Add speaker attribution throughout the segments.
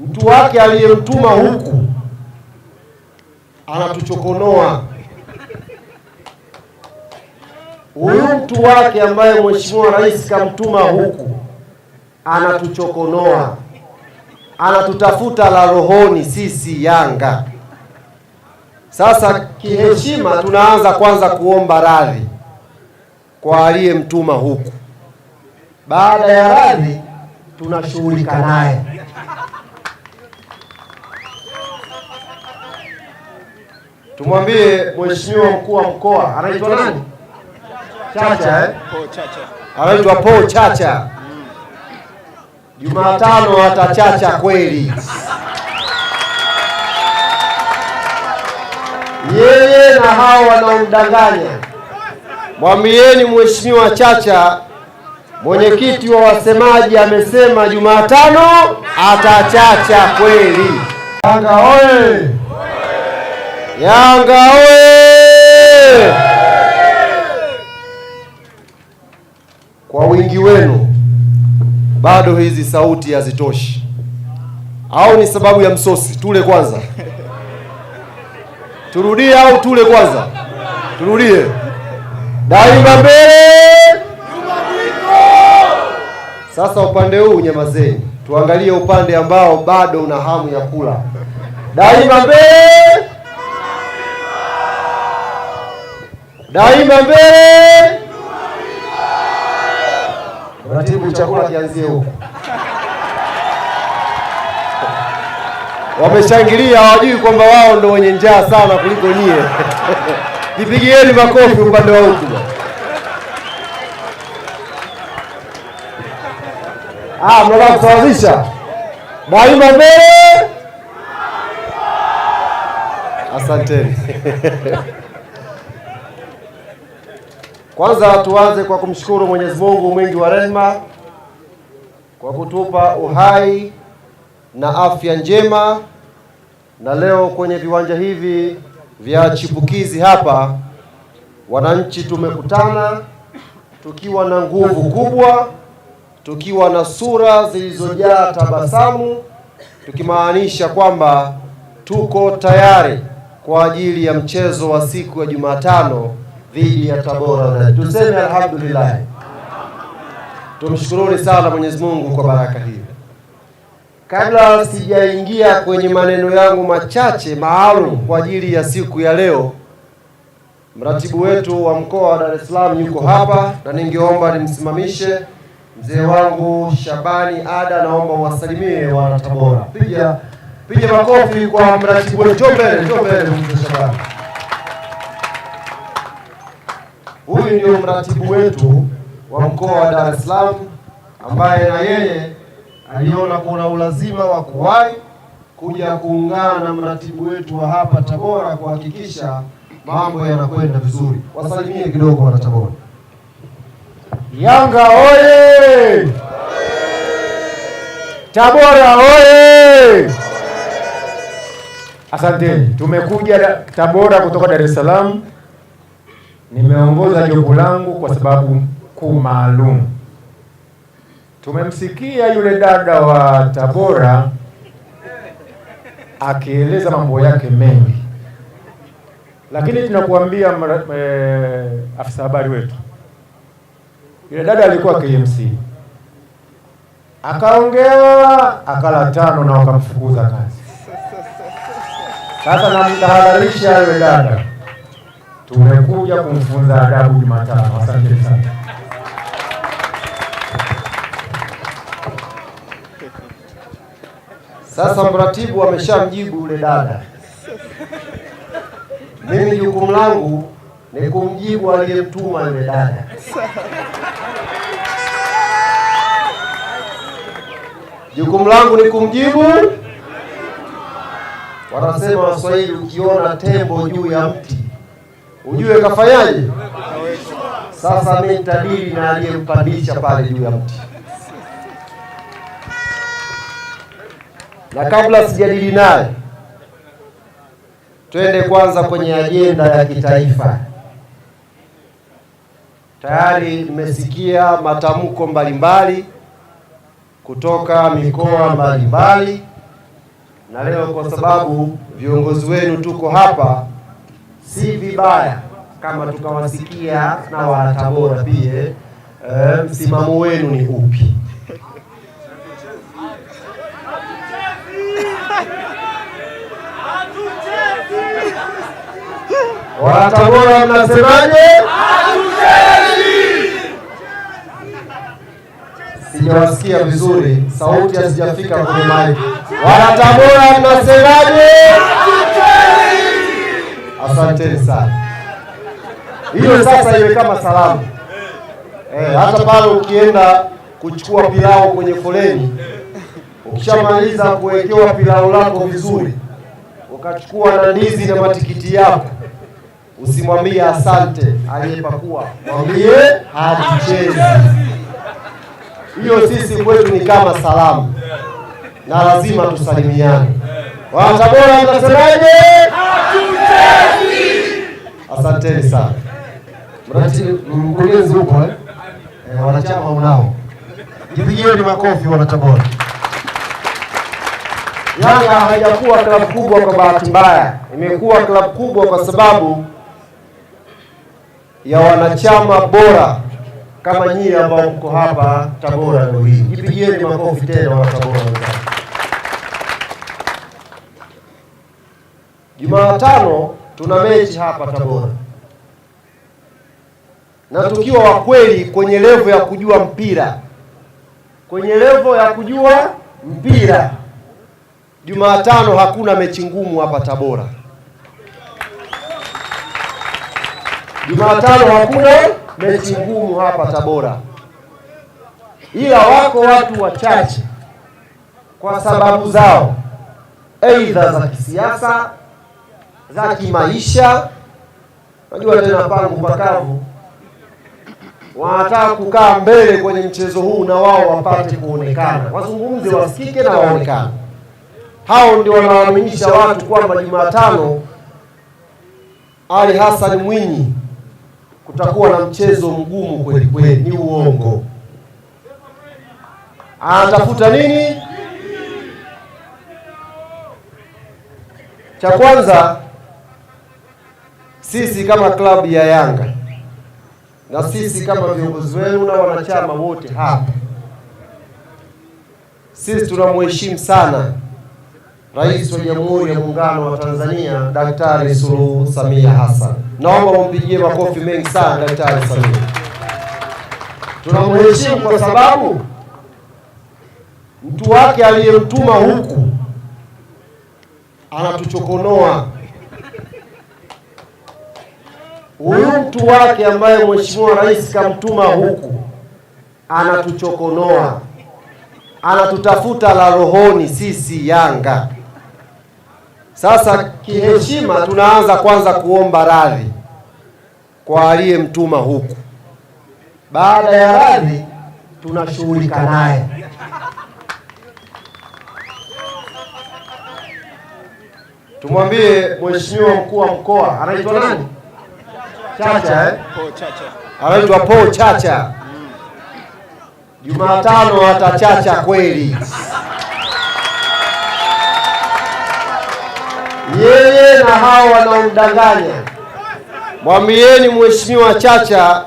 Speaker 1: mtu wake aliyemtuma huku anatuchokonoa. Huyu mtu wake ambaye Mheshimiwa Rais kamtuma huku anatuchokonoa, anatutafuta la rohoni sisi Yanga. Sasa kiheshima, tunaanza kwanza kuomba radhi kwa aliyemtuma huku. Baada ya radhi, tunashughulika naye. Tumwambie mheshimiwa mkuu wa mkoa anaitwa nani?
Speaker 2: Chacha eh? eh?
Speaker 1: Anaitwa Po Chacha. Mm. Jumatano atachacha kweli. Yeye na hao wanaomdanganya, mwambieni mheshimiwa Chacha, mwenyekiti wa wasemaji amesema Jumatano atachacha kweli. Tanga oye! Yanga oye! Kwa wingi wenu bado hizi sauti hazitoshi, au ni sababu ya msosi? Tule kwanza, turudie au tule kwanza? Turudie. Daima mbele. Sasa upande huu nyamazeni, tuangalie upande ambao bado una hamu ya kula. Daima mbele. daima mbele. Ratibu chakula kianzie huko. Wameshangilia, hawajui kwamba wao ndo wenye njaa sana kuliko nyie. Jipigieni makofi upande wa huku. Ah, mnataka kusawazisha daima mbele. Asanteni. Kwanza tuanze kwa kumshukuru Mwenyezi Mungu mwingi wa rehema kwa kutupa uhai na afya njema, na leo kwenye viwanja hivi vya chipukizi hapa wananchi tumekutana tukiwa na nguvu kubwa, tukiwa na sura zilizojaa tabasamu, tukimaanisha kwamba tuko tayari kwa ajili ya mchezo wa siku ya Jumatano dhidi ya Tabora. Tuseme alhamdulillah, tumshukuruni sana Mwenyezi Mungu kwa baraka hiyo. Kabla sijaingia kwenye maneno yangu machache maalum kwa ajili ya siku ya leo, mratibu wetu wa mkoa wa Dar es Salaam yuko hapa na ningeomba nimsimamishe mzee wangu Shabani Ada, naomba uwasalimie wana Tabora. Piga piga makofi kwa mratibu wetu. Njoo mbele, njoo mbele mzee Shabani. Huyu ndio mratibu wetu wa mkoa wa Dar es Salaam ambaye na yeye aliona kuna ulazima wa kuwahi kuja kuungana na mratibu wetu wa hapa Tabora kuhakikisha mambo yanakwenda vizuri. Wasalimie kidogo wana Tabora. Yanga oye! Tabora oye! Asanteni, tumekuja Tabora kutoka Dar es Salaam nimeongoza jopo langu kwa sababu kuu maalum. Tumemsikia yule dada wa Tabora akieleza mambo yake mengi, lakini tunakuambia e, afisa habari wetu yule dada alikuwa KMC akaongea akala tano na wakamfukuza kazi. Sasa namtahadharisha yule dada tumekuja kumfunza adabu Jumatano. Asante sana. Sasa mratibu ameshamjibu yule dada. Mimi jukumu langu ni kumjibu aliyemtuma yule dada. Jukumu langu ni kumjibu. Wanasema Waswahili, ukiona tembo juu ya mti ujue kafanyaje. Sasa mimi nitadili na aliyempandisha pale juu ya mti, na kabla sijadili naye, twende kwanza kwenye ajenda ya kitaifa. Tayari mmesikia matamko mbalimbali kutoka mikoa mbalimbali, na leo kwa sababu viongozi wenu tuko hapa si vibaya kama tukawasikia na wala Tabora pia. msimamo eh, msimamo wenu ni upi? Wala Tabora mnasemaje? Sijawasikia vizuri, sauti hazijafika kwenye mic. Wala Tabora mnasemaje? asanteni sana. Hiyo sasa iwe kama salamu eh, hata pale ukienda kuchukua pilau kwenye foleni, ukishamaliza kuwekewa pilau lako vizuri, ukachukua na ndizi na matikiti yako, usimwambie asante aliyepakua, mwambie hatuchezi. Hiyo sisi kwetu ni kama salamu na lazima tusalimiane. watabora Tabora mtasemaje?
Speaker 3: Hatuchezi.
Speaker 1: Asanteni sana. Mratibu mkurugenzi huko eh? Eh, wanachama unao, ni makofi wanatabora. Yanga haijakuwa klabu kubwa kwa bahati mbaya, imekuwa klabu kubwa kwa sababu ya wanachama bora kama nyinyi ambao mko hapa Tabora leo hii. Jipigieni makofi tena Tabora. Jumatano tuna mechi hapa Tabora, na tukiwa wa kweli kwenye levo ya kujua mpira, kwenye levo ya kujua mpira, Jumatano hakuna mechi ngumu hapa Tabora. Jumatano hakuna mechi ngumu hapa Tabora, ila wako watu wachache kwa sababu zao aidha za kisiasa za kimaisha. Unajua tena pangu pakavu, wanataka kukaa mbele kwenye mchezo huu na wao wapate kuonekana, wazungumze, wasikike na waonekane. Hao ndio wanawaaminisha watu kwamba Jumatano Ali Hassan Mwinyi kutakuwa na mchezo mgumu kweli kweli. Ni uongo. Anatafuta nini? Cha kwanza sisi kama klabu ya Yanga na sisi kama viongozi wenu na wanachama wote hapa, sisi tunamheshimu sana Rais wa Jamhuri ya Muungano wa Tanzania Daktari Suluhu Samia Hassan. Naomba mumpigie makofi mengi sana Daktari Samia. Tunamheshimu kwa sababu mtu wake aliyemtuma huku anatuchokonoa huyu mtu wake ambaye mheshimiwa rais kamtuma huku anatuchokonoa, anatutafuta la rohoni sisi Yanga. Sasa kiheshima, tunaanza kwanza kuomba radhi kwa aliyemtuma huku. Baada ya radhi, tunashughulika naye. Tumwambie mheshimiwa mkuu wa mkoa anaitwa nani?
Speaker 4: Chacha eh?
Speaker 1: Anaitwa Po Chacha. Jumatano atachacha kweli. Yeye na hao wanaomdanganya, mwambieni Mheshimiwa Chacha,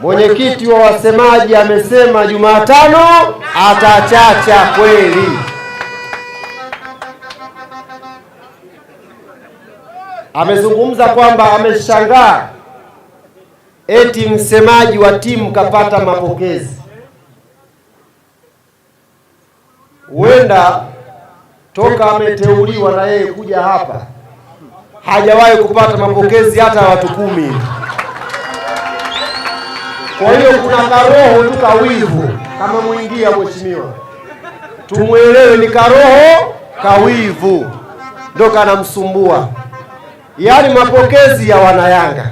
Speaker 1: mwenyekiti wa wasemaji amesema Jumatano atachacha kweli. Amezungumza kwamba ameshangaa eti msemaji wa timu kapata mapokezi. Huenda toka ameteuliwa na yeye kuja hapa hajawahi kupata mapokezi hata watu kumi. Kwa hiyo kuna karoho tu kawivu kama mwingia, mheshimiwa, tumwelewe, ni karoho kawivu ndo kanamsumbua, yaani mapokezi ya Wanayanga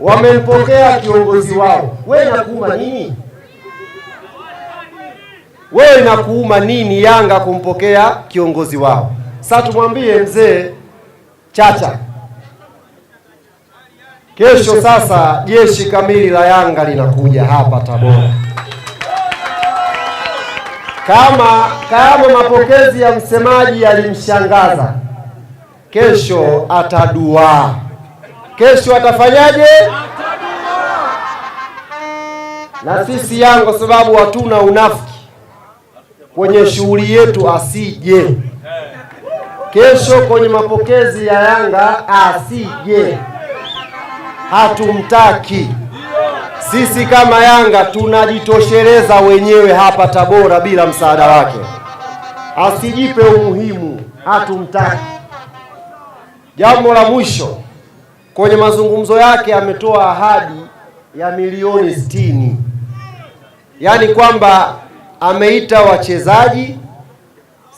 Speaker 1: wamempokea kiongozi wao. Wewe nakuuma nini? Wewe nakuuma nini Yanga kumpokea kiongozi wao? Sasa tumwambie mzee Chacha, kesho sasa jeshi kamili la Yanga linakuja hapa Tabora. Kama kama mapokezi ya msemaji yalimshangaza, kesho ataduaa kesho
Speaker 3: atafanyaje?
Speaker 1: Na sisi Yanga kwa sababu hatuna unafiki kwenye shughuli yetu, asije kesho kwenye mapokezi ya Yanga, asije, hatumtaki sisi kama Yanga tunajitosheleza wenyewe hapa Tabora bila msaada wake, asijipe umuhimu, hatumtaki. Jambo la mwisho Kwenye mazungumzo yake ametoa ahadi ya milioni sitini, yaani kwamba ameita wachezaji,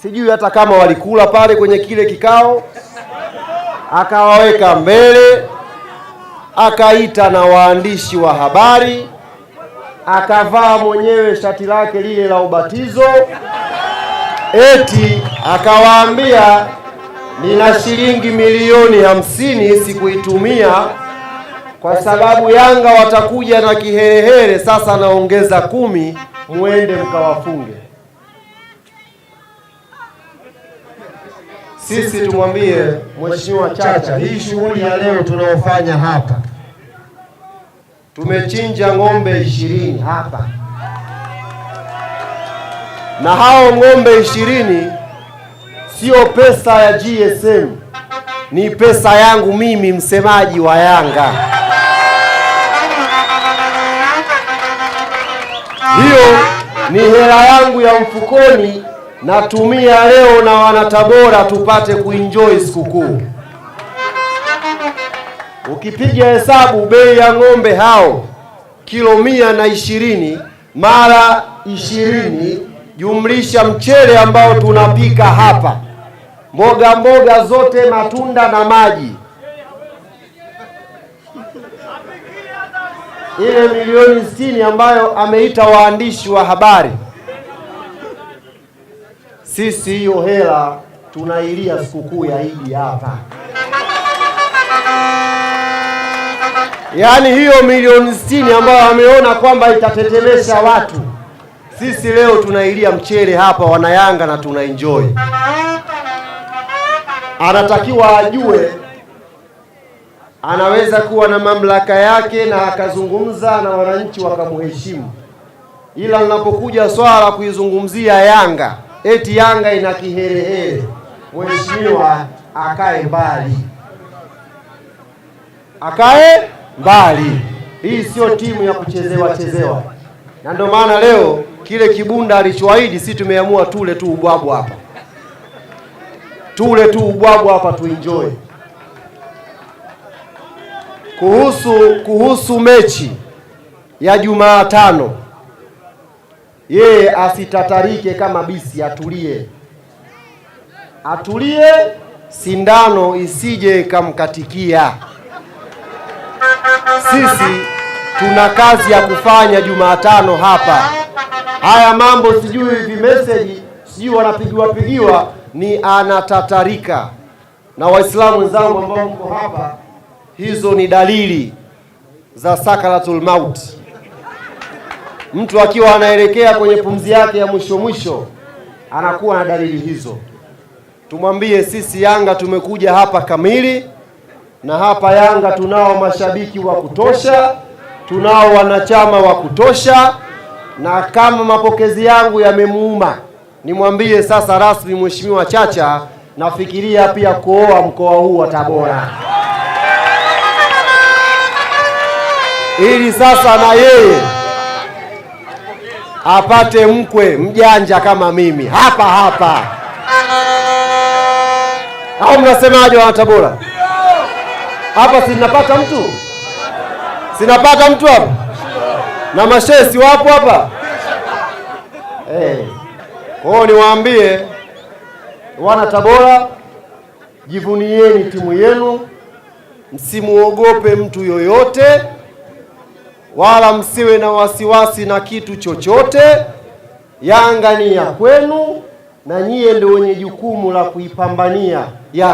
Speaker 1: sijui hata kama walikula pale kwenye kile kikao, akawaweka mbele, akaita na waandishi wa habari, akavaa mwenyewe shati lake lile la ubatizo, eti akawaambia nina shilingi milioni hamsini sikuitumia kwa sababu Yanga watakuja na kiherehere. Sasa naongeza kumi, muende mkawafunge. Sisi tumwambie Mheshimiwa Chacha, hii shughuli ya leo tunaofanya hapa, tumechinja ng'ombe ishirini hapa, na hao ng'ombe ishirini sio pesa ya GSM, ni pesa yangu mimi msemaji wa Yanga. Hiyo ni hela yangu ya mfukoni, natumia leo na wanatabora tupate kuenjoy sikukuu. Ukipiga hesabu bei ya ng'ombe hao kilo mia na ishirini mara ishirini jumlisha mchele ambao tunapika hapa mboga mboga zote, matunda na maji. Ile milioni sitini ambayo ameita waandishi wa habari, sisi hiyo hela tunailia sikukuu ya Idi hapa. Yaani hiyo milioni sitini ambayo ameona kwamba itatetemesha watu, sisi leo tunailia mchele hapa, Wanayanga, na tunaenjoy anatakiwa ajue anaweza kuwa na mamlaka yake na akazungumza na wananchi wakamheshimu, ila linapokuja swala kuizungumzia Yanga eti Yanga ina kiherehere, mheshimiwa akae mbali, akae mbali. Hii sio timu ya kuchezewa chezewa, na ndio maana leo kile kibunda alichoahidi, si tumeamua tule tu ubwabwa hapa tule tu ubwabwa hapa tuenjoy. Kuhusu, kuhusu mechi ya Jumatano, yeye asitatarike kama bisi, atulie, atulie sindano isije ikamkatikia. Sisi tuna kazi ya kufanya Jumatano hapa. Haya mambo sijui message sijui wanapigiwa pigiwa ni anatatarika. Na Waislamu wenzangu ambao mko hapa, hizo ni dalili za sakaratul maut. Mtu akiwa anaelekea kwenye pumzi yake ya mwisho mwisho anakuwa na dalili hizo. Tumwambie sisi Yanga tumekuja hapa kamili, na hapa Yanga tunao mashabiki wa kutosha, tunao wanachama wa kutosha, na kama mapokezi yangu yamemuuma nimwambie sasa rasmi Mheshimiwa Chacha nafikiria pia kuoa mkoa huu wa Tabora, ili sasa na yeye apate mkwe mjanja kama mimi hapa hapa. Au mnasemaje wana Tabora? Hapa sinapata mtu, sinapata mtu hapa, na mashesi wapo hapa hey. Eh. Kwayo niwaambie wana Tabora, jivunieni timu yenu, msimuogope mtu yoyote, wala msiwe na wasiwasi na kitu chochote. Yanga ni ya kwenu na nyie ndio wenye jukumu la kuipambania.